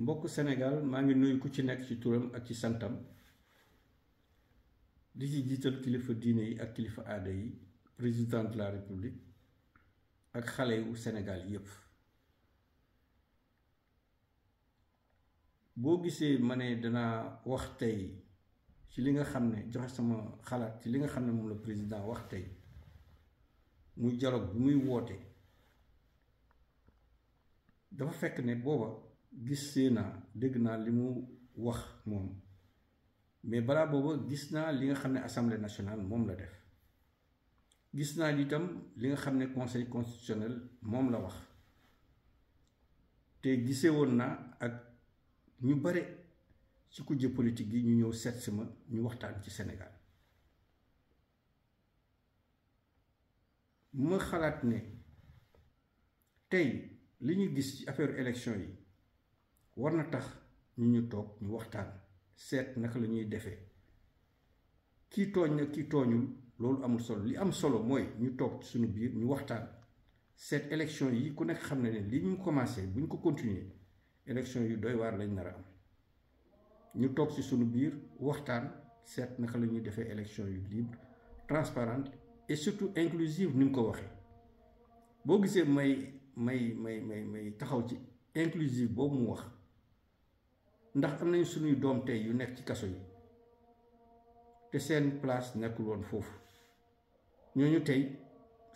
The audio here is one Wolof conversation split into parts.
mbokk Sénégal maa ngi nuyu ku ci nekk ci turam ak ci santam li ci jiital kilifa diine yi ak kilifa aada yi président la république ak xale yu Sénégal yépp boo gisee ma ne danaa wax tey ci li nga xam ne joxe sama xalaat ci li nga xam ne moom la président wax tey muy dialogue bu muy woote dafa fekk ne booba gisee naa dégg naa li mu wax moom mais balaa booba gis naa li nga xam ne assemblée nationale moom la def gis naa itam li nga xam ne conseil constitutionnel moom la wax te gisee woon naa ak ñu bare ci kujje politique yi ñu ñëw seet si ma ñu waxtaan ci Sénégal ma xalaat ne tey li ñu gis ci affaire élection yi war na tax ñu ñu toog ñu waxtaan seet naka la ñuy defee kii tooñ nag kii tooñul loolu amul solo li am solo mooy ñu toog suñu biir ñu waxtaan seet élection yi ku nekk xam ne ne li ñu commencé bu ñu ko continuer élection yu doy waar lañ nar am ñu toog si suñu biir waxtaan seet naka la ñuy defee élection yu libre transparente et surtout inclusive ni mu ko waxee boo gisee may may may may may taxaw ci inclusive boobu mu wax ndax am nañ suñuy doom tey yu nekk ci kaso yi te seen place nekkul woon foofu ñoo ñu tey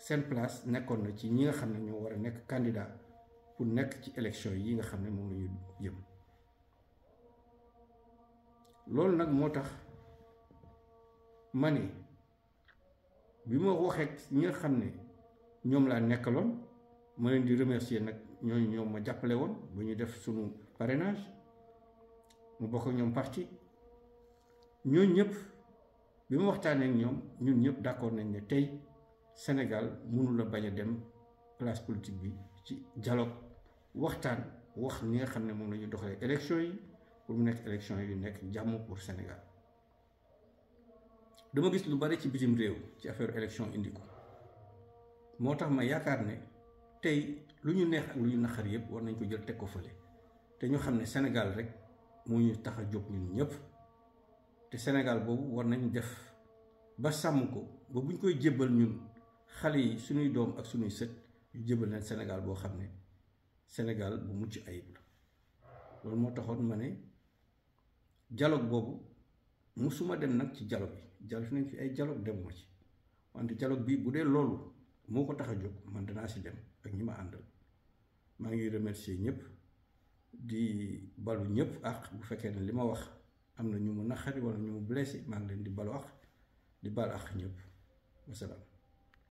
seen place nekkoon na ci ñi nga xam ne ñoo war a nekk candidat pour nekk ci élection yi nga xam ne moom la ñu jëm loolu nag moo tax ma ne bi ma waxee ñi xam ne ñoom laa nekkaloon ma leen di remercier nag ñooñu ñoom ma jàppale woon ba ñu def suñu parrainage mu bokk ak ñoom parti ñooñ ñëpp bi mu waxtaaneek ñoom ñun ñëpp d'accord nañ ne tey Sénégal mënula bañ a dem place politique bi ci dialogue waxtaan wax ni nga xam ne moom la ñu doxalee élection yi pour mu nekk élection yu nekk jàmm pour Sénégal dama gis lu bari ci bitim réew ci affaire élection indi ko moo tax ma yaakaar ne tey lu ñu neex ak lu ñu naqar yëpp war nañ ko jël teg ko fële te ñu xam ne Sénégal rek. moo ñu tax a jóg ñun ñëpp te Sénégal boobu war nañ def ba sàmm ko ba buñ koy jébbal ñun xale yi suñuy doom ak suñuy sët yu jébbal leen Sénégal boo xam ne Sénégal bu mucc ayib la loolu moo taxoon ma ne dialogue boobu suma dem nag ci dialogue bi dialogue fi nañ fi ay dialogue demuma ci wante dialogue bii bu dee loolu moo ko tax a jóg man danaa si dem ak ñi ma àndal maa ngi remercier ñëpp di balu ñëpp ak bu fekkee ne li ma wax am na ñu mu naqari wala ñu mu blessé maa ngi leen di balu ak di bal ak ñëpp wasalaam